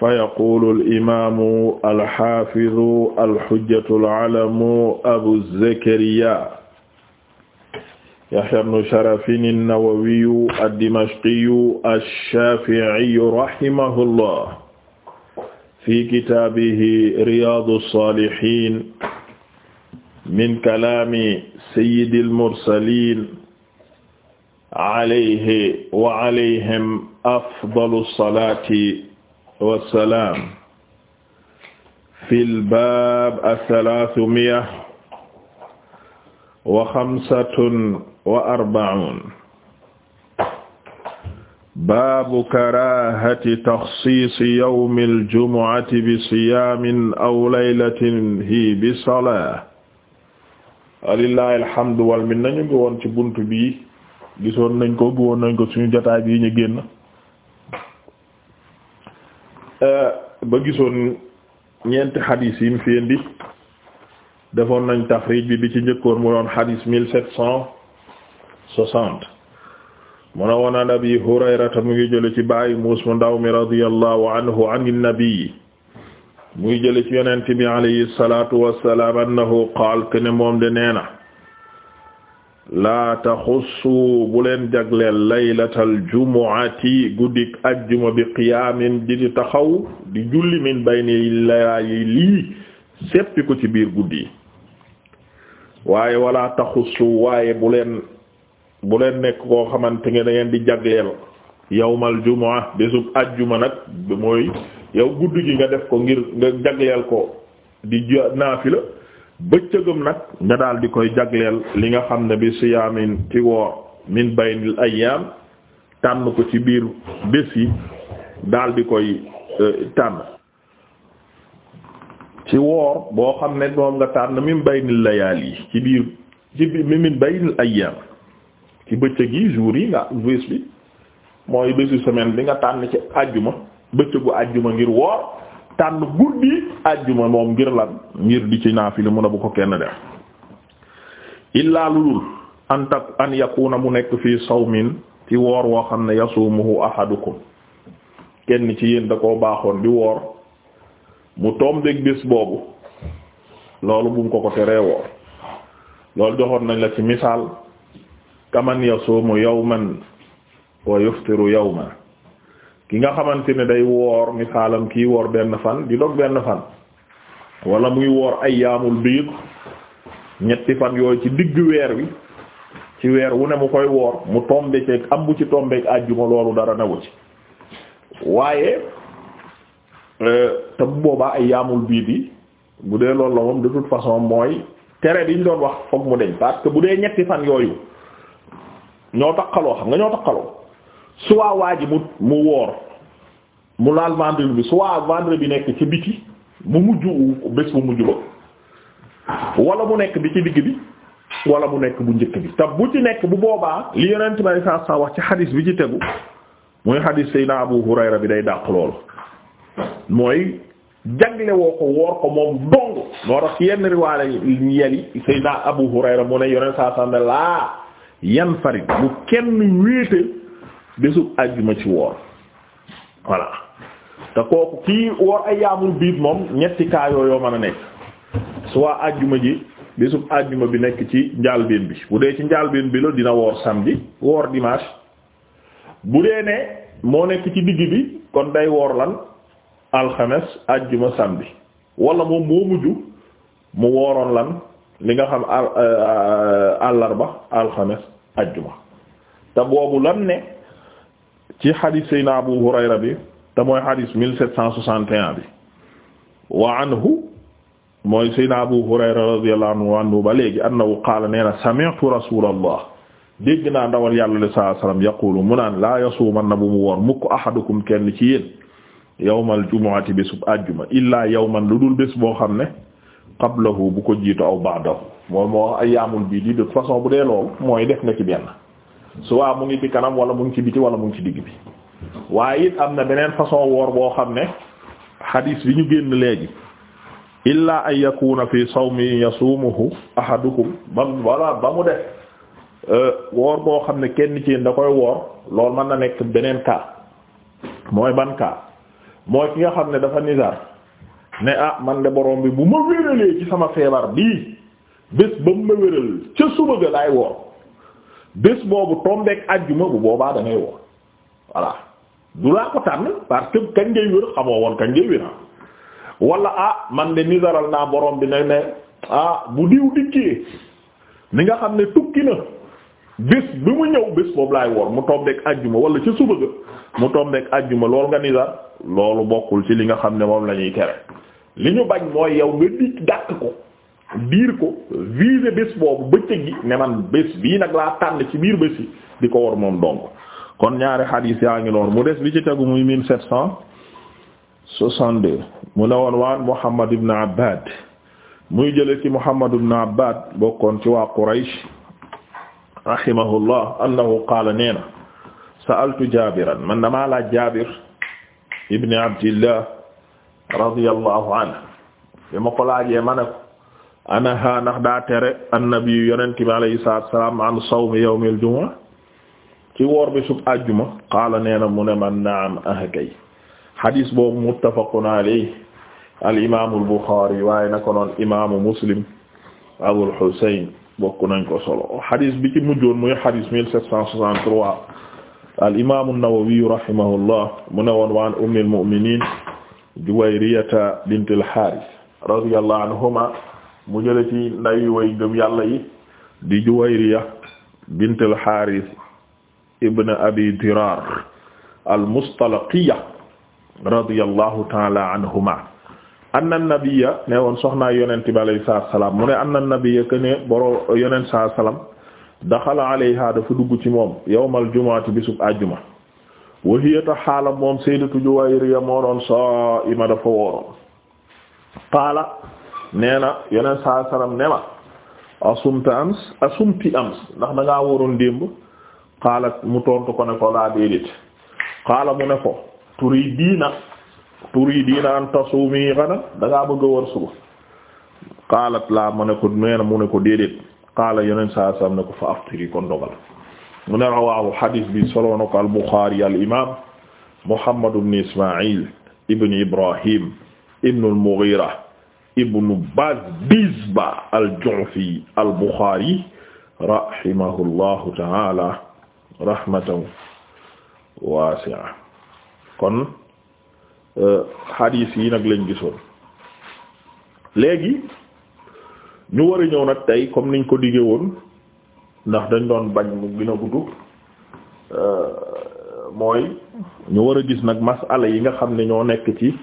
fa yaqulu al'imamu alxafidu alxujjatu alalamu abu zakariya yaxya bnu sharafin annawawiyu addimashqiyu alshafiiyu rahimahullah fi kitaabihi riyaadu saalihiin min kalaami sayyidi almursaliin alayhi wa alayhim afdalu salaati wassalaam fil baab athalaathumiya wa xamsatun wa arba'uun baabu karaahati taxsiisi yawmil jumu'ati bi siyaamin aw laylatin hi bi salaa walillahi alhamdu wal minna ñu ngi woon ci buntu bi gisoon nañ ko bu woon nañ ko suñu jotaay bi ñu génn Euh, ba gisoon ñeenti xadiis yi mu fi indi defoon nañ tafrij bi bi ci njëkkoon mu doon xadiis mille sept cent soixante mu ne woon abi hurayrata mu ngi jële ci bàyyi muus mu ndaw mi radiyallahu anhu an mu muy jële ci yonent bi alayhi salatu wassalam annahu qaal kene moom de nee na laa taxussu bu leen jagleel laylatal jumu'ati guddik ajjuma bi qiyaamin di di taxaw di julli min bayni layaayi lii seppi ko ci biir guddi waaye wala taxussu waaye bu leen bu leen nekk koo xamante ne dangeen ngeen di jagleel yawmal jumu'a bésub ajjuma nag mooy yow guddi gi nga def ko ngir nga jagleel ko di naafila bëccëgam nag nga daal di koy jagleel li nga xam ne bi siyaamin ci woor min baynil ayyaam tànn ko ci biir bés yi daldi koy euh, tànn ci woor boo xam ne moom nga tànn min baynil layaal yi ci biir ci biir min baynil ayyaam ci bëccëg yi jours yi nga bés bi mooy bésu semaine bi nga tànn ci àjjuma bëccëgu àjjuma ngir woor tànn guddi àjjuma moom ngir lan ngir di ci naafila mun a bu ko kenn def illaa lulul an tak an yakuna mu nekk fii sawmin ci woor woo xam ne yasumuhu ahadukum kenn ci yéen da koo baaxoon di woor mu tombeek bés boobu loolu bu mu ko ko teree woor loolu joxoon nañ la ci misaal kaman yasumu yawman wa yuftiru yawman ki nga xamante ne day woor misaalam kii woor benn fan di dog benn fan wala muy woor ay yaamul biir ñetti fan yooyu ci digg weer wi ci weer wu ne mu koy woor mu tombe ceeg am bu ci tombeeg àjjuma loolu dara newu ci waaye euh, te bu boobaa ay yaamul biir yi bu dee loolu la moom de toute façon mooy tere bi doon wax foog mu deñ parce bu dee ñetti fan yooyu ñoo takkaloo xam nga ñoo takkaloo soit waa mu mu woor mu laal vendredi bi soit vendredi bi nekk ci biti mu mujj bés mu mujj ba wala mu nekk bi ci digg bi wala mu nekk bu njëkk bi te bu ci nekk bu boobaa li yonent bi saa wax ci xadis bi ci tegu muy xadis Seydina Abu Hurayra bi day dàq loolu mooy jagle woo ko woor ko moom dong moo tax yenn riwaale yi Seydina Abu Hurayra mu ne yonent saa saa laa yan farit bu kenn wéete bésub àjjuma ci woor voilà te kooku kii woor ay yaamul biit moom ñetti kaa yoo mën a nekk soit ajjuma ji bésub àjjuma bi nekk ci njaalbeen bi bu ci njaalbeen bi la dina woor samedi woor dimanche bu dee ne moo nekk ci digg bi kon day woor lan alxames àjjuma samedi wala moom moo mujj mu wooroon lan li nga xam euh, àllarba alxames àjjuma te boobu lan ne ci xadis sayna Abu Hurayra bi te mooy xadis mille sept cent soixante bi wa anhu mooy sayna Abu Hurayra radiyallahu ba léegi annahu qaala nee na sami'tu rasulallah dégg naa ndawal yàlla li sallallahu alayhi yaqulu mu naan laa yasuuman na bu mu woor mukk ahadukum kenn ci yéen yawmal jumu'ati bésub àjjuma illaa yawman lu dul bés boo xam ne qablahu bu ko jiitu aw ba'dahu mooy moo wax ayyaamul biid yi façon bu dee loolu mooy def nga ci benn soit mu ngi ci kanam wala mu ngi ci biti wala mu ngi ci digg bi waaye it am na beneen façon woor boo xam ne xadiis bi ñu génn léegi illa an yakuna fi sawmi yasumuhu ahadukum ba wala ba mu def euh, woor boo xam ne kenn ci da koy woor lool man na nekk beneen cas mooy ban cas mooy ki nga xam ne dafa nizar ne ah man de borom bi bu ma wéralee ci sama feebar bi bés ba mu ma wéral ca suba ga laay woor bés boobu tombeek ajjuma bu boobaa da ngay woor du laa ko tànn parce que kañ ngay wér xamoo woon kañ ngay wér wala ah man ni nisaral naa boroom bi ne ne ah bu diw dikkee ni nga xam ne tukki na bés bi mu ñëw bés boobu laay woor mu tombeek ajjuma wala ci suba ga mu tombeek ajjuma loolu nga nisar loolu bokkul ci li nga xam ne moom lañuy ñuy tere li ñu bañ mooy yow nga dikk dàq ko biir ko viser bés boobu bëccëg ne man bés bii nag laa tànn ci biir bés di ko war moom dong kon ñaari xadiis yaa ngi noonu mu des li ci tegu muy mille sept cent soixante-deux mu ne woon waan Muhammad ibn Abbad muy jële ci Muhammad ibn Abbad bokkoon ci waa Quraysh rahimahullah annahu qaala nee na sa'altu Jaabiran man damaa laaj Jaabir ibn Abdillah radiyallahu anhu bi ma ko laajee ma ne anaha ndax daa tere annabi yonente bi alayhi salaatu salaam an sawmi yawmil jumaa ci woor bi sub àjjuma qaala nee na mu ne man naam ah kay xadis boobu muttafaqun alayhi al imaamul buxaari waaye naka noonu imaamu muslim abul xusayn bokk nañ ko solo xadis bi ci mujjoon muy xadis 1763 al imaamu nawawi rahimahullah mu ne woon waan ummil mu'miniin juwayriyata bintil xaaris radiyallahu anhuma mu jële ci nday way ngëm yàlla yi di Juwayriya bint al-Haaris ibn abi Diraar al-Mustalaqiya radiyallahu ta'ala anhuma anna nabiyya ne woon soxnaa yonent bi alayhi salaatu salaam mu ne anna nabiyya boro yonent saa salaam daxala alayha dafa dugg ci moom yawmal jumu'ati bisub àjjuma wa hiya ta moom sayyidatu Juwayriya moo doon saa'ima dafa wooroon qaala nee na yeneen saa salaam ne ma asumta ams asumti ams ndax da ngaa waroon démb xaalat mu tontu ko ne ko laa déedéet xaala mu ne ko turi diina turi diina an tasumi xana da ngaa bëgg a war suba xaalat laa mu ne ko nee na mu ne saa salaam ne ko fa aftiri kon dogal mu ne rawaahu hadis bi solo na ko al Buxaari al imaam Muhammad ibn Ismaa'il ibn Ibrahim ibn al Mughira ibnu Bazdizba al-Ju'fi al-Bukhari rahimahullahu ta'ala rahmatan wasi'a kon euh, hadith yi nag lañ gisoon léegi ñu war a ñëw nag tey comme niñ ko diggee woon ndax dañ doon bañ mu gën a euh, mooy ñu war a gis nag masala yi nga xam ne ñoo nekk ci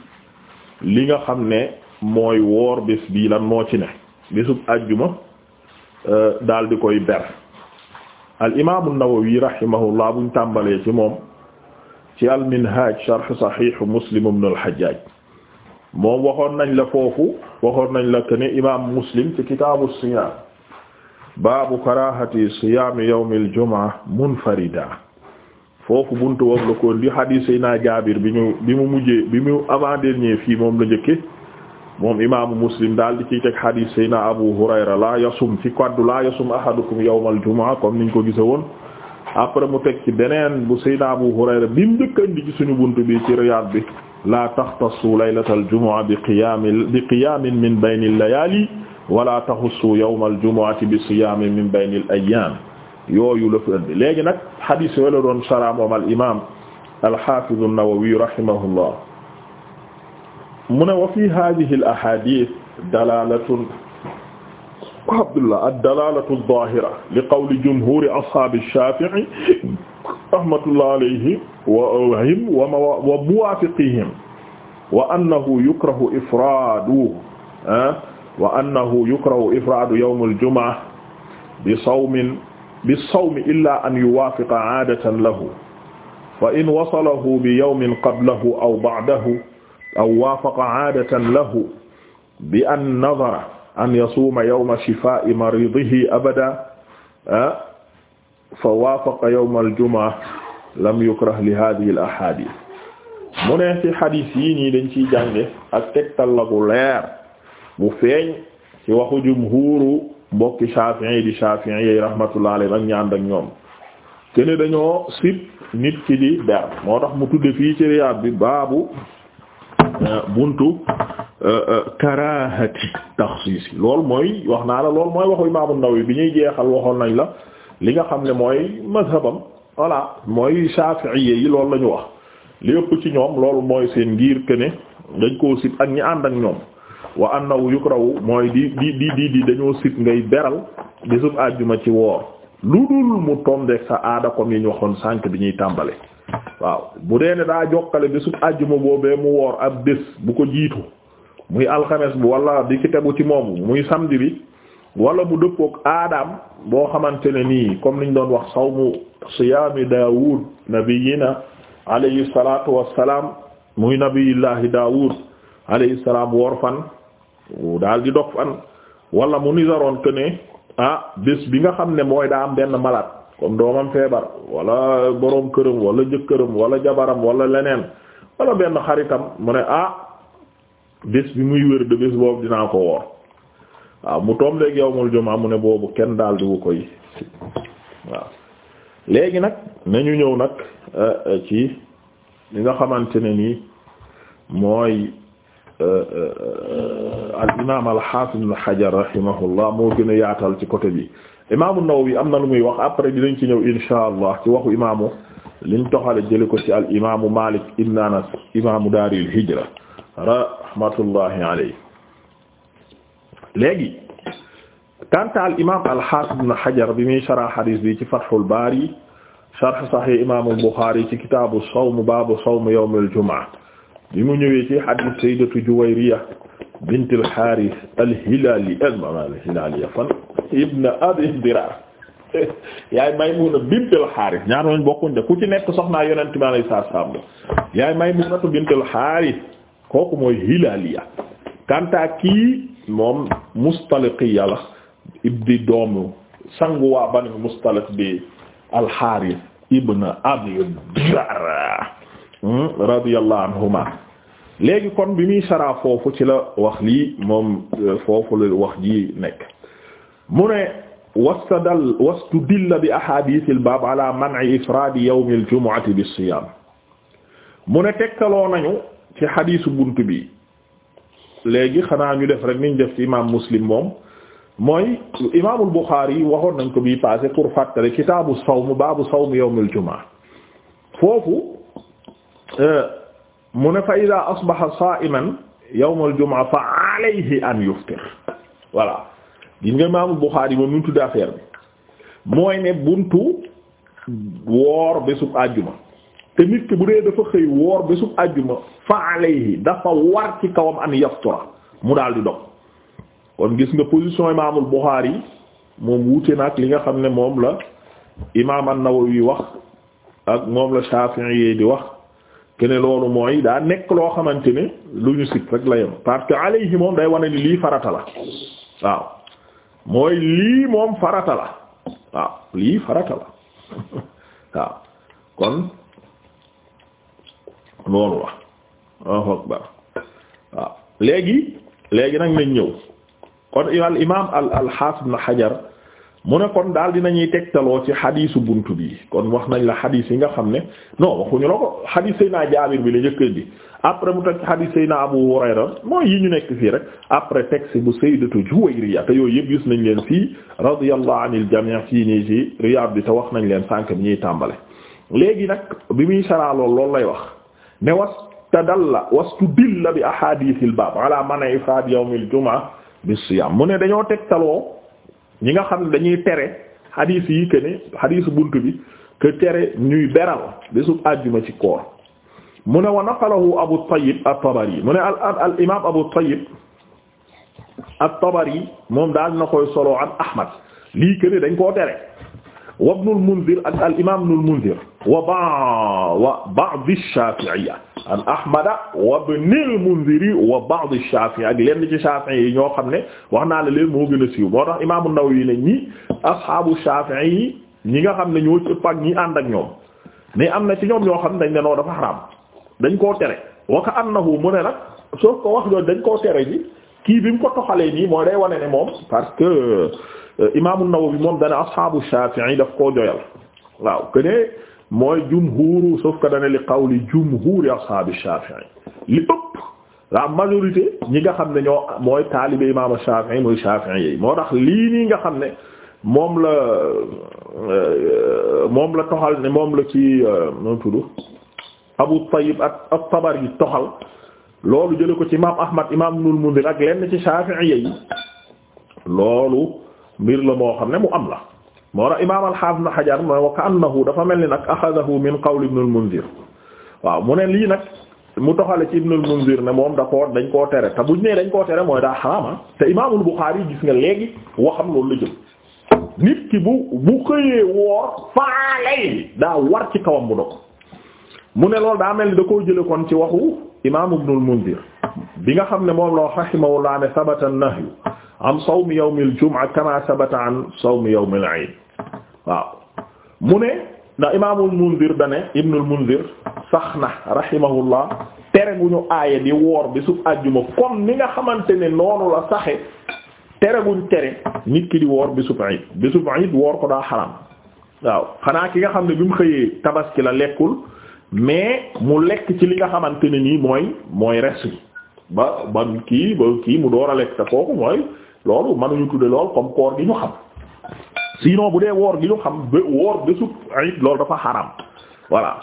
li nga xam ne mooy woor bés bii lan moo ci ne bésub ajjuma euh, daal di koy ber al imaamu Nawawi rahimahullah buñ tàmbalee ci moom ci al minhaj sharh sahih muslim ibn al hajjaj moom waxoon nañ la foofu waxoon nañ la que ne imaam muslim ci kitaabu siyaam baabu karahati siyaami yawmil jumaa munfarida foofu buntu woowu la ko di hadis naa jaabir bi ñu bi mu mujjee bi mu avant dernier fii moom la njëkke moom imaamu muslim daal di ciy teg hadith sayna abu hurayra la yasum ci kaddu la yasum ahadukum yawmal jumaa comme niñ ko gise woon après mu teg ci beneen bu sayna abu hurayra bi mu njëkkandi ci suñu bunt bi ci riyaad bi la taxtassu laylatal jumaa bi qiyaami bi qiyaamin min baynil layaali wala taxussu yawmal jumaati bi siyaamin min baynil ayyaam yooyu la fi andi léegi nag hadith yooyu la doon saraam moom al imaam al haafiz an-nawawi rahimahullah mu ne wa fi hadhihi al ahadith dalalatun abdullah ad-dalalatu adh-dhahira li qawli jumhuri ashab ash-shafi'i rahmatullah alayhi wa him wa muwafiqihim wa annahu yukrahu ifraduhu ah, wa annahu yukrahu ifradu yawm al-jum'ah bi sawmin bi sawmi illa an yuwafiqa 'aadatan lahu fa in wasalahu bi yawmin qablahu aw ba'dahu aw waafaqa aadatan lahu bi an nadara an yasuuma yawma shifaa'i maridihi abada fa waafaqa yawma aljumaa lam yukrah li haadihi al ahaadiis mu ne ci xadiis yi nii dañ ciy jànge ak tegtal la bu leer bu feeñ ci waxu jumhuuru mbokki Shaafi'i di Shaafi'i yi rahmatullahi alayhim ak ñaan ak ñoom kene dañoo nit ci di ber moo tax mu tudde fii bi baabu Euh, buntu euh, euh, karaahati taxsiisi loolu mooy wax naa la lool mooy waxu imaamu yi bi ñuy jeexal waxoon nañ la li nga xam ne mooy mazhabam voilà mooy Shafi'iyye yi loolu la ñu wax li ëpp ci ñoom loolu mooy seen ngir këne ne dañ koo sib ak ñi ànd ak ñoom wa annahu yukrahu mooy di di di di dañoo sib ngay beral bisub àjjuma ci woor lu dul mu de sa aada comme yi ñu waxoon sànq bi ñuy tàmbale waaw bu dee ne daa jokkale bésub àjjuma boobee mu woor ab bés bu ko jiitu muy alxames bi walla di ci tegu ci moom muy samedi bi wala bu dëppook aadaam boo xamante ne nii comme niñ doon wax mu siyaami daawud nabiyina alayhi salatu wassalam muy nabiyillahi daawud alayhi salaam woor fan daal di dog fan wala mu nisaroon que ah bés bi nga xam ne mooy daa am benn malaat comme doomam feebar wala boroom këram wala jëkkëram wala jabaram wala leneen wala benn xaritam mu ne ah bés bi muy wér de bés boobu dinaa ko woor waaw ah, mu toom léegi yawmul jumaa mu ne boobu kenn daal di koy waaw léegi nag nañu ñëw nag euh, euh, ci li nga xamante ne nii mooy euh, al imaam al xaafis al xajar rahimahullah moo gën a yaatal ci côté bi imaamu Nawawi am na lu muy wax après dinañ ci ñëw insha allah ci waxu imaamu liñ toxale jële ko ci al imaamu Malik ibn Anas imaamu daaril hijra rahmatullahi alayhi léegi kanta al imam al-Hafiz ibn Hajar bi muy sharh hadis bi ci Fathul Bari sharh Sahih imam al-Bukhari ci kitaabu sawm baabu sawm yawm al-jumu'a bi mu ñëwee ci hadis sayyidatu Juwayriya bint al-Harith al-Hilali al-Hilali fan ibn abi dirar yaay maymuna bintul xaaris ñaar ñooñu bokkuñ de ku ci nekk soxnaa yonent bi alayhi salaam yaay maymunatu bintul xaaris kooku mooy hilaaliya kanta kii moom mustaliqiya la ibn abi dirar hmm? radiyallahu anhuma léegi kon bi muy saraa foofu ci la wax lii moom euh, foofu la wax ji nekk mune ne wastadal wastudilla bi ahadithil baab ala man'i ifradi yawmil jumu'ati bis siyaam mu ne tegtaloo nañu ci xadiisu bunt bi léegi xanaa ñu def rek niñ def ci imaam muslim moom mooy imaamul Buxaari waxoon nañ ko bii passé pour fàttali kitaabu sawm baabu sawm yawmil jumaa foofu euh, mu ne fa idaa asbaha saa'iman yawmal jumaa fa alayhi an yuftir gis nga Imaamul yi moom nu mu tudd affaire bi mooy ne buntu woor bésub àjjuma te nit ki bu dee dafa xëy woor bésub àjjuma fa alayhi dafa war ci kawam an yaftura mu daal di dog kon gis nga position Imaamul Buxaari moom wuute na li nga xam ne moom la Imaam An-Nawawi wax ak moom la Shafi'i di wax. kene loolu mooy daa nekk loo xamante ne lu ñu sit rek la yem parce que alayhi moom day wane ni lii farata la waaw mooy lii moom farata la waaw lii farata la waaw kon loolu la waaw léegi léegi nag nañ ñëw kon al imaam al al xaafid ibn Hajar mu ne kon daal dinañuy tegtaloo ci xadiisu bunt bi kon wax nañ la xadiis yi nga xam ne non waxuñu la ko xadiis naa Jaabir bi la njëkka di après mu teg xadiis Seydina Abu Hurayra mooy yi ñu nekk fii rek après texte bu Sayyidatu Juwayriya te yooyu yëpp gis nañ leen fii radiyallahu anil jamii fii nii ci Riyaad bi te wax nañ leen sànk bi ñuy tàmbale léegi nag bi muy saraalool lool lay wax ne wastadalla wastudilla bi ahadithil baab ala mana ifrad yawmil jumaa bis siyaam mu ne dañoo tegtaloo ñi nga xam ne dañuy tere xadiis yi que ne xadiisu bunt bi que tere ñuy beral bésub àjjuma ci koor mu ne wa naqalahu Abu Tayyib at-Tabari mu ne al al imaam Abu Tayyib at-Tabari moom daal na koy solo an Ahmad lii que ne dañ koo tere wa Ibnul Munzir ak al imaam Ibnul Munzir wa ba wa ba'd ash-Shafi'iyya an ahmada wa ibn al-Munziri wa ba'd ash-Shafi'i ak lenn ci Shafi'i yi ñoo xam ne wax naa la leen moo gën a siiw moo tax imaamu Nawawi ne ñi ashaabu Shafi'i yi ñi nga xam ne ñoo ci ëpp ñi ànd ak ñoom mais am na ci ñoom ñoo xam ne dañ ne noo dafa xaraam dañ koo tere wa ka annahu mu ne nag soo ko wax jooju dañ koo tere ji kii bi mu ko toxalee nii mooy day wane ne moom parce que euh, imaamu Nawawi moom dana ashaabu Shafi'i daf koo joyal waaw que mooy jumhuru sauf que dana li qawli jumhuri ashaabi Shafi'i li ëpp la majorité ñi nga xam ne ñoo mooy taalibe imaamu Shafi'i mooy Shafi'i yi moo tax lii nii nga xam ne moom la euh, moom la toxal ne moom la ci noonu euh, tudd Abu Tayyib at-Tabari toxal loolu jële ko ci imaam Ahmad imaam Ibnul Munzir ak lenn ci Shafi'i yi loolu mbir la moo xam ne mu am la moo tax imaam al-Hafiz Ibn Hajar mooy wa ka'annahu dafa mel ni nag axadahu min qawl Ibn al-Munzir waaw mu ne lii nag mu toxale ci Ibn al-Munzir ne moom da koo dañ koo tere te ñu nee dañ koo tere mooy daa xaraama ah te imaamul Buxaari gis nga léegi waxam loolu la jël nit ki bu bu xëyee woor faalay daa war ci kawam bu dog mu ne loolu daa mel ni da koo jële kon ci waxu imaam Ibn al-Munzir bi nga xam ne moom la rahimahullah ne sabata an-nahyu am sawmi yawmi al-jum'a kama sabata an sawmi waaw mu ne ndax imaamul munzir dane ibnul munzir sax na rahimahullah tere gu ñu aaye di woor bi su àjjuma comme ni nga xamante ne noonu la saxe tere guñ tere nit ki di woor bi su iid bi su iid woor ko daa xaram waaw xanaa ki nga xam ne bi mu xëyee tabaski la lekkul mais mu lekk ci li nga xamante ne nii mooy mooy res bi ba ba kii ba kii mu door a lekk te kooku mooy loolu mënuñu tudde lool comme koor gi ñu xam sinon bu dee woor gi ñu xam woor bésub ayit loolu dafa xaram voilà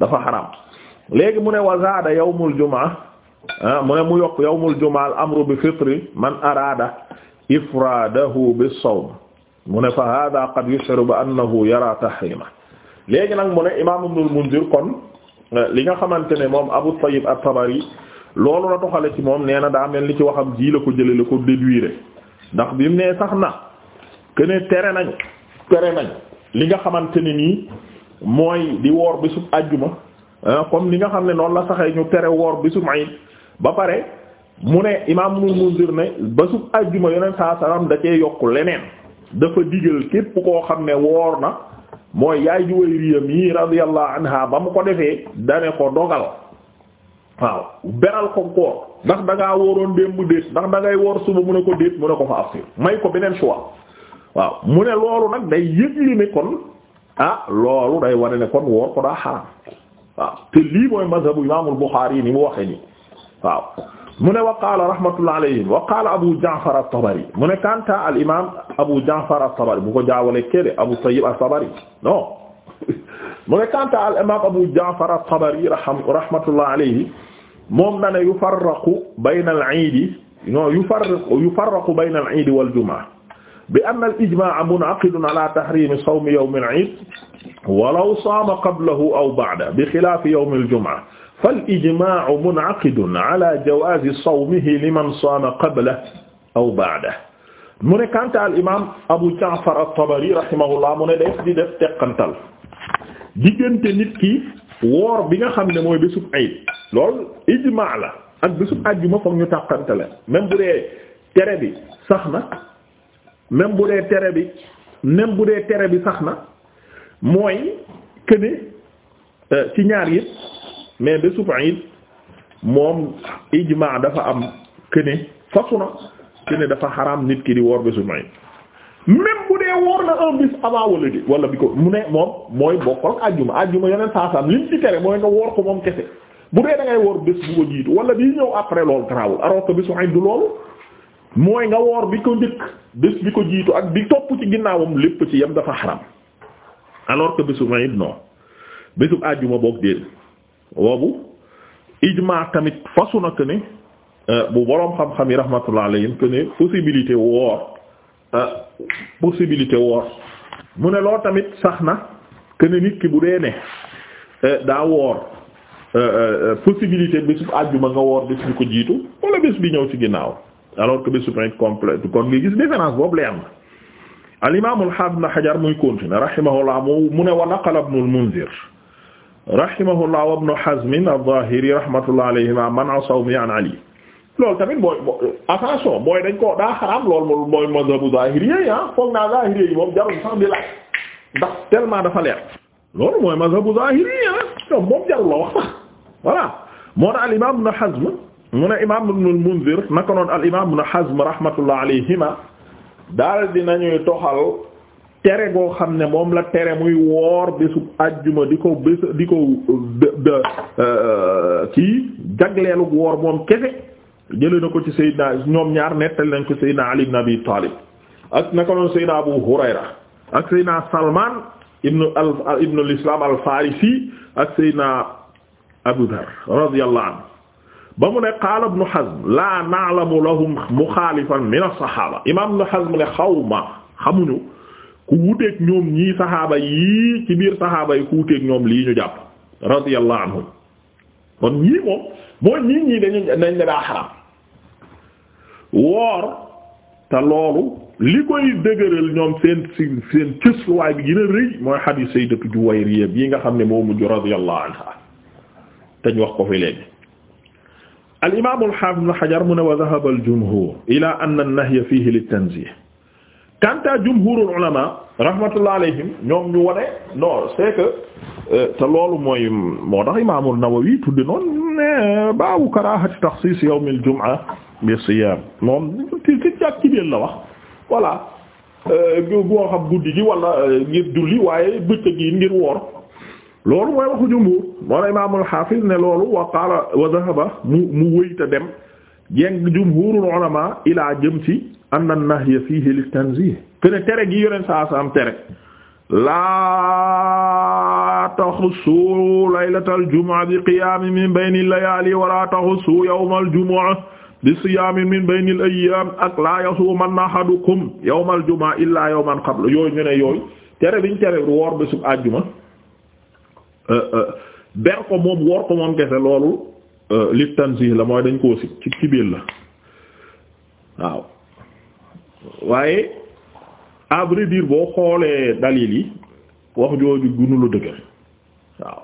dafa xaram léegi mu ne wazaada yawmul jumaa ah, mu ne mu yokk yawmul jumaa al amru bi fitri man araada ifraadahu bi sawm mu ne fa hada qad yushiru bi annahu yara tahrima léegi nag mu ne imaam ibnul munzir kon eh, li nga xamante ne moom abu tayyib at-tabari loolu na doxale ci moom nee na daa mel ni ci waxam ji la ko jële la ko déduire ndax bi mu ne sax na que tere nañu tere nañu li nga xamante ni nii mooy di woor bisub àjjuma ah, comme li nga xam ne noonu la saxee ñu tere woor bisub ayit ba pare mu ne imaam Ibnul Munzir ne bisub àjjuma yeneen saa salaam da cee yokk leneen dafa digal képp koo xam ne woor na mooy yaay Juwayriya mi radiyallahu anha ba mu ko defee dane ko dogal waaw beral ko koor ndax dangaa wóoroon démb déet ndax dangay woor suba mu ne ko déet mu ne ko fa afsir may ko beneen choix waaw mu ne loolu nag day yëgli ne kon ah loolu day wane ne kon woor ko daa xaraam waaw te lii mooy mazhabu imaamul Buxaari yi ni mu waxe nii waaw mu ne wa qaala rahmatullah alayhim wa qaala Abu Ja'far at-Tabari mu ne kanta al imam Abu Ja'far at-Tabari bu ko jaawale kede Abu Tayyib at-Tabari non mu ne kanta al imam Abu Ja'far at-Tabari rahmatullah alayhi moom dane yufarraqu bayna al-iid non yufarraqu yufarraqu bayna al-iid wal-jumu'a bi anna al ijmaa munaqidun ala tahrimi sawmi yawm al iid walaw saama qablahu aw ba'dahu bi xilaafi yawm al jumu'a fal ijmaa munaqidun ala jawaazi sawmihi liman saama qablahu aw ba'dahu mu ne kanta al imaam Abu Ja'far at-Tabari rahimahullah mu ne day di def teqantal diggante nit ki woor bi nga xam ne mooy bésub iid loolu ijmaa la ak bésub àjjuma foog ñu teqantale même bu dee tere bi sax na. même bu dee tere bi même bu dee tere bi sax na mooy këne euh, ci ñaar yit mais bésu it moom ijmaa dafa am këne fasu na këne dafa xaram nit ki di woor bésu it même bu dee woor na un bis avant wala di wala bi ko mu ne moom mooy bokkal ajjuma ajjuma yeneen saasaam lim ci tere mooy nga woor ko moom kese bu dee da ngay woor bés bu ko jiitu wala bii ñëw après loolu garaawul alors que bésu it du loolu mooy nga woor bi ko njëkk bés bi ko jiitu ak bi topp ci ginnaawam lépp ci yam dafa xaram alors que bésu maïd non bésu àjjuma boog déedéet boobu ijmaa tamit fasu na que ne euh, bu boroom xam-xam yi rahmatullah alayhim que ne possibilité woor euh, possibilité mu ne loolu tamit sax na que nit ki bu dee ne euh, daa woor possibilité bésu àjjuma nga woor bés bi ko jiitu wala bés bi ñëw ci ginnaaw. alors que bésu tamit complet kon nga gis différence boobu leer na al imaam al haafid na Hajar muy continuer rahimahullah mu ne wa naqala Ibnul Munzir rahimahullah wa Ibnu Hazm az-Zaahiri rahmatullah alayhima man'a sawmi an Ali loolu tamit mooy attention mooy dañ ko daa xaraam loolu mooy mazhabu Zaahiri yi ah foog naa Zaahiri yi moom jarul sax di laaj ndax tellement dafa leer loolu mooy mazhabu Zaahiri yi ah moom jarul la wax sax voilà moo tax al imaam Ibnu Hazm mu ne imaam ibnul Munzir naka noonu al imaam ibnu Hazm rahmatullah alayhima daal dinañuy toxal tere goo xam ne moom la tere muy woor bésub àjjuma di ko bés di ko de euh, kii jagleelu woor moom kese jëlee na ko ci Seydina ñoom ñaar nettali nañ ko Seydina Ali ibn Abi Talib ak naka noonu Seydina Abu Hurayra ak Seydina Salman ibnu al ibnu al Islam al Farisi ak Seydina Abu Dhar radiyallahu anhu ba mu ne qaala ibnu Hazm laa na'lamu lahum muxaalifan min as-saxaaba imaam ibnu Hazm ne xawma xamuñu ku wuteeg ñoom ñii saxaaba yii ci biir saxaaba yi ku wuteeg ñoom lii ñu jàpp radiyallahu anhum kon ñii moom mooy ñii ñii dañu ne daa xaram woor te loolu li koy dëgëral ñoom seen seen seen cësluwaay bi gën a rëy mooy xadiis Sayyidatu Juwayriya bii nga xam ne moo mujj radiyallahu anha te ñu wax ko fi léegi al imaam al haafiz ibn Hajar mu ne wa dhahaba al jumhuur ilaa anna an-nahya fiihi lit-tanziih kanta jumhuurul ulamaa rahmatullah alayhim ñoom ñu wone non c'est que euh, te loolu mooy moo tax imaam an-Nawawi tudde noonu ne baabu karaahati taxsiis yawm al-jumu'a bi siyaam moom ci ci jàkk ci biir la wax voilà euh, boo xam guddi gi wala euh, ngir julli waaye bëccëg yi ngir woor loolu mooy waxu jumhur moo la imaamul ne loolu wa qaala wa dhahaba mu mu dem jeng jumhurul ulama ilaa jëm ci anna nahya fiihi li tanzih kene tere gi yoneen saa saam tere laa taxussu laylatal jumu'a bi qiyaamin min bayni layaali wa laa taxussu yawmal jumu'a bi siyaamin min baynil ayyaam ak laa yasuumanna ahadukum yawmal jumu'a tere biñ tere woor bésub àjjuma Euh, euh, ber ko moom wor ko moom kese loolu euh, li la mooy dañ koo si ci kibeel la waaw waaye à vrai boo xoolee dalil yi wax jooju gunu la dëgër waaw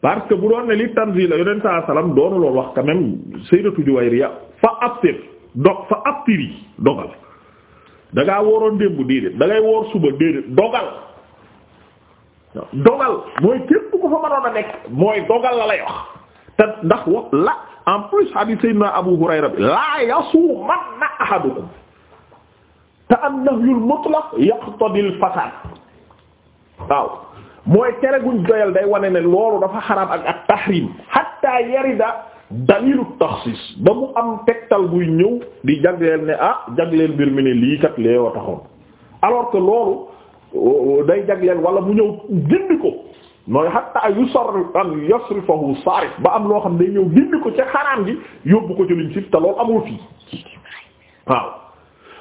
parce que bu doon ne li la yonent saa salaam doonu loolu wax quand même sayyidatu Juwayriya fa abtir dog fa abtiri dogal dangaa woroon démb déedéet dangay woor suba déedéet dogal dogal mooy képp ku fa mënoon a nekk mooy dogal la lay wax te ndax wax la en plus hadith sayyidina Abu Hurayra bi laa yasuumanna ahadukum te an-nahyul mutlaq yaqtadil fasaad waaw mooy tere guñ doyal day wane ne loolu dafa xaraam ak ak tahrim hatta yarida dalilu taxsiis ba mu am tegtal buy ñëw di jagleel ne ah jagleel mbir mi ne lii kat lee taxoon alors que loolu. day jagleel wala mu ñëw gindi ko mooy hatta yusarrif an yasrifahu sarif ba am loo xam day ñëw gindi ko ca xaraam bi yóbbu ko ci liñ sib te loolu amul fii waaw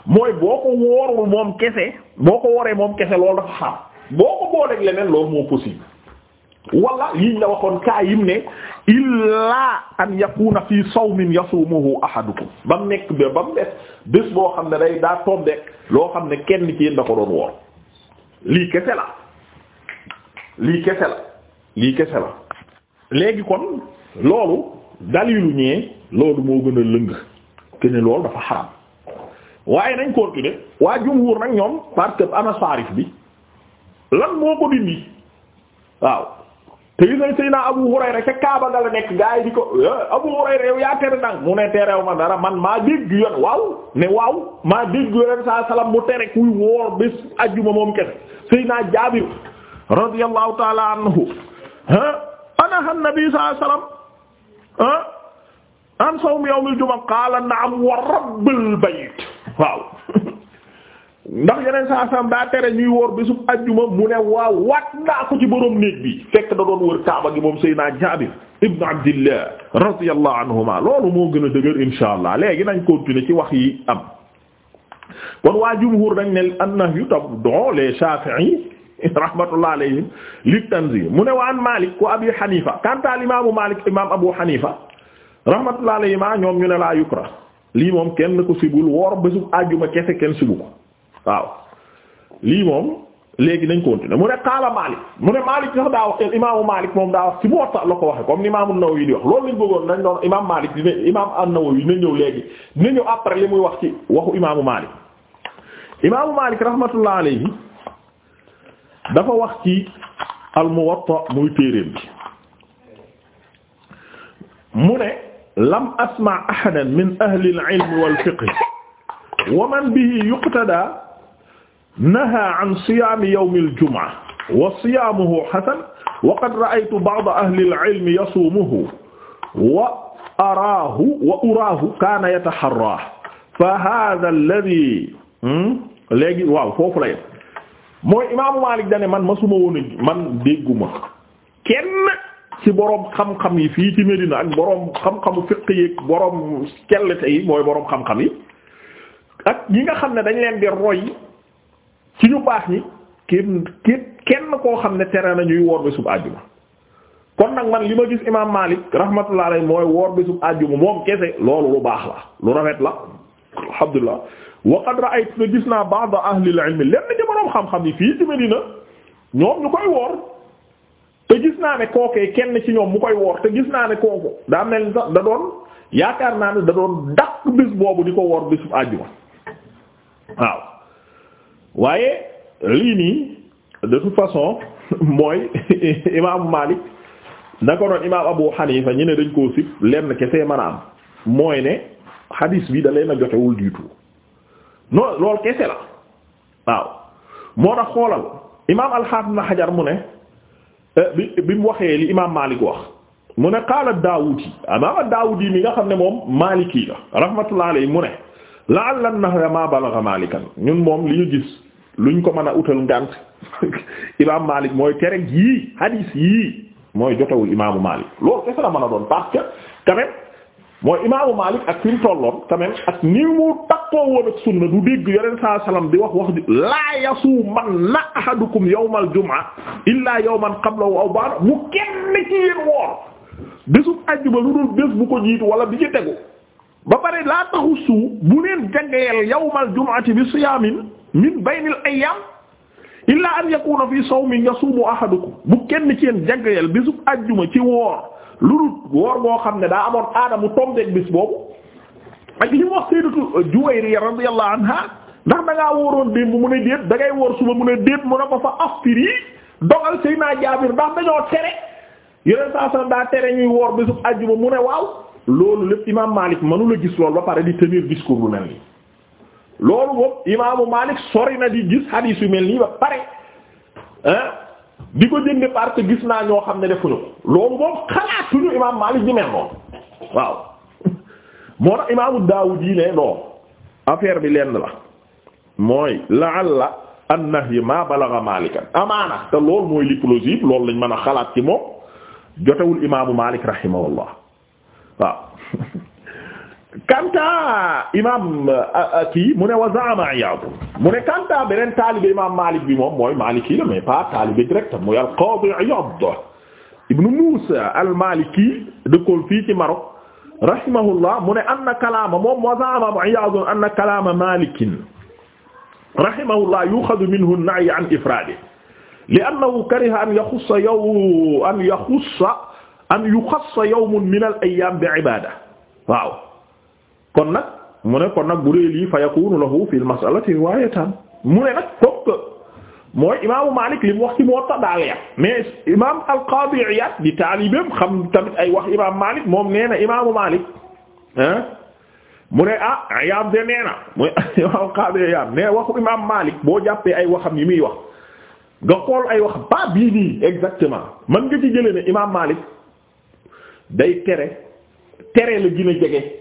mooy boo ko woorul moom kese boo ko woree moom kese loolu dafa xaram boo ko booleeg leneen loolu moo possible wala yiñ la waxoon kaa yim ne illaa an yakuna fi sawmin yasumuhu ahadukum ba mu nekk ba mu des bés boo xam ne day daa tombeek loo xam ne kenn ci yéen da ko doon woor lii kese la lii kese la lii kese la léegi kon loolu dalilu ñee loolu moo gën a lëng te ne loolu dafa xaram waaye nañ continuer waa jumhur nag ñoom parce que ana bi lan moo ko dindi waaw te gis nañ Abu Hurayra ca Kaaba nga nekk gaa yi eh, Abu Hurayra yow yaa tere nang mu ne terew ma dara man maa dégg yoon waaw ne waaw maa dégg yoon saa salaam mu tere kuy woor bés ajjuma moom kese Seydina Jaabir radiyallahu ta'ala anhu ah anaha an-nabi sallallahu alayhi wasallam ah an sawmi yawmil jumu'a qaala na'am wa rabbil bayt waaw ndax yeneen saa saam daa tere ñuy woor bésub ajjuma mu ne waaw waat naa ko ci borom néeg bi fekk da doon wër kaaba gi moom Seydina Jaabir ibnu Abdillah radiyallahu anhuma loolu moo gën a dëgër insha allah léegi nañ continuer ci wax yi am kon waa jumhur dañ ne annahyu tabdo les Shafi'i rahmatullah alayhim li tanzih mu ne wa an Malik wa Abi Hanifa kanta imaamu Malik imam Abu Hanifa rahmatullah alayhima ñoom lii moom kenn ko sibul woor bésub ajjuma kese kenn sibu ko waaw lii moom léegi nañ continuer mu ne qaala Malik mu ne Malik sax daa wax imaamu Malik moom daa wax ci Muwatta la ko waxe comme ni imaamu Nawawi di wax loolu lañ bëggoon nañ imaam Malik dina imaam an-Nawawi dina ñëw léegi dina ñëw après li muy wax ci waxu imaamu Malik imaamu Malik rahmatullah dafa wax ci al muy téereem bi mu ne lam asma ahadan min ahli al wal fiqh wa man bihi yuqtada naha an siyaami yawmi aljumaa wa siyaamuhu hasan wa qad ra'aytu ba'da ahli alilmi yasuumuhu wa araahu wa uraahu kaana yataharraa fa haadha alladhi hmm? léegi waaw foofu la yem mooy imaamu Maalik dane man masuma woon man dégguma kenn ci boroom xam-xam yi fii ci Medina ak boroom xam-xamu fiq yi boroom kellete yi mooy boroom xam-xam yi ak ñi nga xam ne dañ leen di roy ci ñu baax ñi kenn kenn koo xam ne tere na ñuy woor bésub àjjuma kon nag man li ma gis imaam Maalik rahmatullah mooy woor bésub àjjuma moom kese loolu lu baax la lu rafet la alhamdulillah wa qad ra'aytu gis naa ba'd ahli al-ilm lenn ci xam-xam yi fii ci Medina ñoom ñu koy woor te gis naa ne kookee kenn ci ñoom mu koy woor te gis naa ne kooku daa mel da doon yaakaar naa ne da doon dàq bés boobu di ko woor bésub àjjuma waaw waaye lii nii de toute façon mooy imaamu Malik na ko noon imaam Abu Hanifa ñu ne dañ koo sib lenn kese mën a am mooy ne hadis bi da leen a jotewul du tout non loolu kese la waaw moo tax xoolal imaam al-Hafiz na Hajar mu ne eh, bi bi mu waxee li imaam Malik wax mu ne qaala Daawudi imaam Daawudi mi nga xam ne moom Maliki la rahmatullah alayhi mu ne la'alla an-nahya ma balagha Malikan ñun moom li ñu gis. luñ ko mën a utal ngànt imam Malik mooy tere yii hadis yii mooy jotawul imaamu Malik loolu kese la mën a doon parce que quand même mooy imaamu Malik ak fi mu tolloon quand même ak ni mu takkoo woon ak sunna du dégg yoneen saa salaam di wax wax di laa yasuumanna ahadukum yawmal jumaa illa yawman qablahu aw ba'dahu bu kenn ci yéen woor bésub àjjuma lu dul bés bu ko jiitu wala bi ci tegu ba pare laa taxu suu bu leen jageyel yawmal jumaati bi siyaamin min baynil ayyam illa an yakuna fi sawmin yasuumu ahadukum bu kenn ci yeen jagleel bisub ajjuma ci woor lu dul woor boo xam ne daa amoon aadamu tombeeg bis boobu ak li mu wax sayyidatu Juwayriya radiyallahu anha ndax da ngaa wóoroon démb mu ne déet da ngay wóor suba mu ne déet mu ne ko fa aftir yi dogal Seydina Jaabir ndax dañoo tere yeneen saa sax daa tere ñuy woor bisub ajjuma mu ne waaw loolu lépp imaam Maalik mënu la gis loolu ba pare di tenir discours loolu moom imaamu Malik sori di gis hadis mel nii ba pare ah di ko jënde parce que gis naa ñoo xam ne defuñu loolu moom xalaatuñu imaamu Malik di mel noonu waaw moo tax imaamu Daawud ne non affaire bi lenn la mooy la'alla an-nahy ma balagha Malikan amaana te loolu mooy li plausible loolu lañ mën a xalaat ci moom jotewul imaamu Malik rahimahullah waaw kanta imam uh, uh, kii mu ne wa zaama Iyaad mu ne kanta beneen taalibe imam Malik bi moom mooy Maliki la mais pas taalibe direct mooy al-Qaadi Iyaad ibn Muusa al-Maliki dëkkoon fii ci Maroc rahimahullah mu ne anna kalaama moom wa zaama Iyaad anna kalaama Maalik rahimahullah yu'xazu minhu an-nahyu an ifraadihi li'annahu kariha an yaxussa yaw an yaxussa an yuxassa yawmun min al-ayyaam bi ibaada waaw kon nag mu ne kon nag bu dee lii fa yakunu lahu fil mas'alati riwaayatan mu ne nag toog mooy imaamu Maalik li mu wax ci Muwatta daal ya mais imaam al-Qaadi Iyaad di taalibeem xam tamit ay wax imaam Maalik moom nee na imaamu Maalik ah mu ne ah Iyaad de nee na mooy imaam al-Qaadi Iyaad nee waxu imaam Maalik boo jàppee ay waxam yi muy wax nga xool ay wax ba bii nii exactement mën nga ci jëlee ne imaam Maalik day tere tere la gën a jege.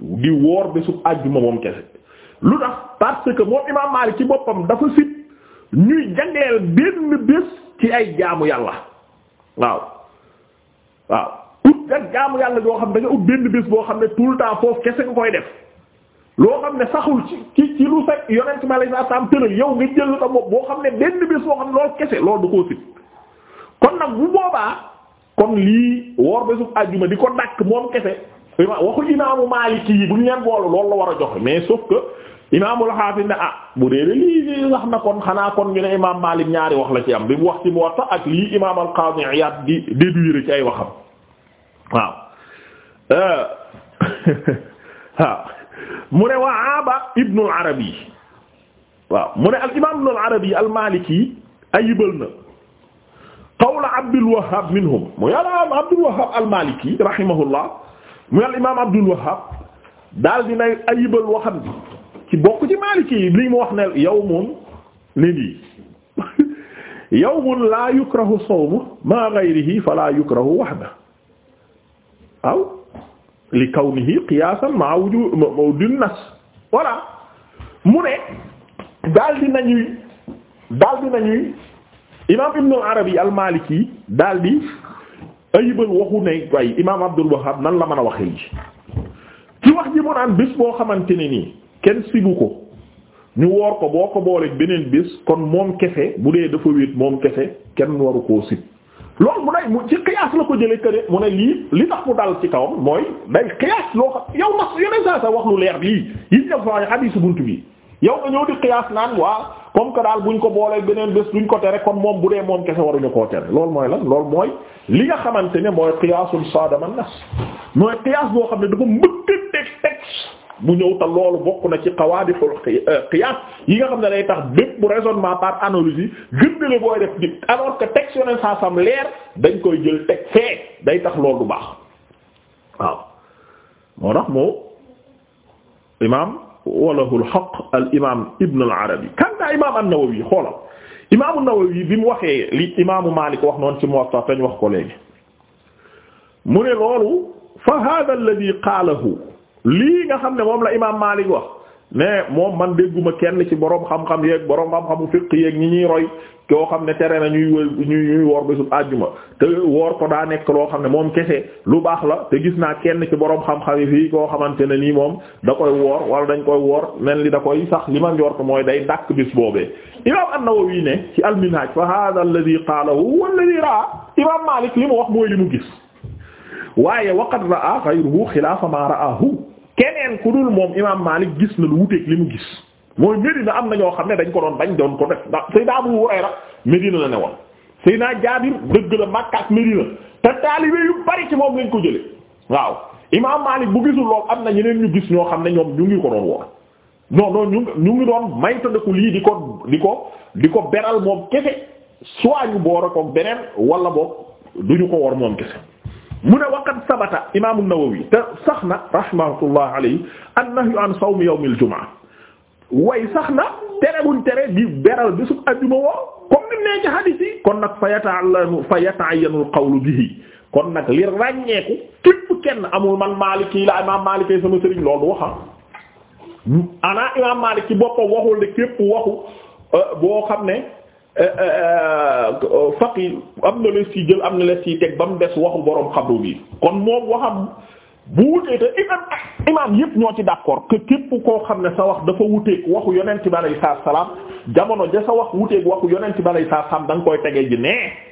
di woor bésub àjjuma moom kese lu tax parce que moom imaam Maalik ci boppam dafa sit ñuy jagleel benn bés ci ay jaamu yàlla waaw waaw ut ak jaamu yàlla yoo xam ne nga ut benn bés boo xam ne tout le temps foofu kese nga koy def loo xam ne saxul ci ci ci lu fekk yonent ma lay saam tëral yow nga jël sa bopp boo xam ne benn bés boo xam ne loolu kese lool du koo sit kon nag bu boobaa kon lii woor bésub àjjuma di ko dàkk moom kese waxu imaamu Maliki bu ñu boolu loolu la war a joxe mais sauf que imaamul Hafiz ne ah bu dee de lii wax na kon xanaa kon ñu ne imaam Malik ñaari wax la ci am bi mu wax ci Muwatta ak lii imaam al-Qadi Iyad di déduire ci ay waxam waaw. Euh, mu ne waa Aaba Ibnu al-Arabi waaw mu ne al imaam Ibnu arabi al-Maliki ayibal na. qawla Abdul Wahhab minhum mu yàlla Abdul Wahhab al-Maliki rahimahullah mu al imaam Abdul Wahhab daal di nay ayibal waxam bi ci bokk ci Maliki yi lii mu wax ne yawmun ne nii yawmun laa yukrahu sawmu ma ghayrihi fala yukrahu wahda aw li kawnihi qiyaasan ma wujudin nas voilà mu ne daal di nañuy daal di nañuy imaam Ibn al Arabi al Maliki daal di. ayibal waxu ne waaye imaam Abdul Wahhab nan la mën a waxee ji ci wax ji mu naan bis boo xamante ni nii kenn sibu ko ñu woor ko boo ko booleeg beneen bis kon moom kese bu dee dafa wéet moom kese kenn waru koo sib loolu mu ne ci xiyaas la ko jëlee que ne mu ne lii li tax mu dal ci kaw mooy day xiyaas loo xam yow na yeneen saa sa wax lu leer lii yi ñëw fa xadiisu buntu bi yow nga ñëw di xiyaas naan waa comme que daal buñ ko boolee beneen bés duñ ko tere kon moom bu dee moom kese waruñu koo tere loolu mooy lan loolu mooy li nga xamante ne mooy qiyaasul saadama nas mooy qiyaas boo xam ne dafa mbëkkanteeg texte bu ñëw te loolu bokk na ci qawaadixul euh, qiyaas yi nga xam ne day tax bépp bu raisonnement par analogie gëndale booy def di alors que texte yoneen saa sam leer dañ koy jël teg fee day tax loolu du baax waaw moo tax moo imaam walahul haqq al imaam Ibn al Arabi kanta imaam an-Nawawi xoolal imaam an-Nawawi bi mu waxee li imaamu Maalik wax noonu ci Muwatta tañ wax ko léegi mu ne loolu fa hada alladhi qaalahu lii nga xam ne moom la imaam Maalik wax. mais moom man dégguma kenn ci boroom xam-xam yeeg boroom xam-xamu fiq yeeg ñi ñuy roy koo xam ne tere na ñuy ñuy ñuy woor bésub àjjuma te woor ko daa nekk loo xam ne moom kese lu baax la te gis naa kenn ci boroom xam-xam yi fii koo xamante ne nii moom da koy woor wala dañ koy woor mel ni da koy sax li ma njort mooy day dàq bis boobee. imaam an-Nawawi ne ci al-Minhaj fa hadha alladhi qaalahu huwa alladhi raa imaam Maalik li mu wax mooy li mu gis waaye waqad raa ma keneen ku dul moom imaam Maalik gis na lu wuteeg li mu gis mooy Medina am na ñoo xam ne dañ ko doon bañ doon ko def ndax Seydina Abu Hurayra Medina la ne woon Seydina Jaabir dëgg la Makka ak Medina te taalibe yu bari ci moom lañ ko jële waaw imaam Maalik bu gisul lool am na ñeneen ñu gis ñoo xam ne ñoom ñu ngi ko doon woon non non ñu ñu ngi doon maytandiku lii di ko di ko di ko beral moom kese soit ñu boor a ko beneen wala boog duñu ko wor moom kese mu ne waqad sabata imaamu Nawawi te sax na rahmatullah alayhi annahyu an sawmi yawmil jumaa way sax na tere buñ tere di beral bésub àjjuma woo comme ni mu nee ci hadith yi kon nag fa yata'allanu fa yata'ayyanu al-qawlu bihi kon nag li ràññeeku képp kenn amul man Maliki la imaam Maliki sama sëriñ loolu waxa ah. ana imaam Maliki boppam waxul ne képp waxu euh, boo xam ne. Euh, euh, euh, faqi am na les ci jël am na les ci teg ba mu des waxu borom xabru bi kon moom waxam bu wutee te imam imam yëpp ñoo ci d'accord que képp koo xam ne sa wax dafa wuteeg waxu yonent bi alayhi salaam jamono ja sa wax wuteeg waxu yonent bi alayhi salaam da nga koy tegee ji nee.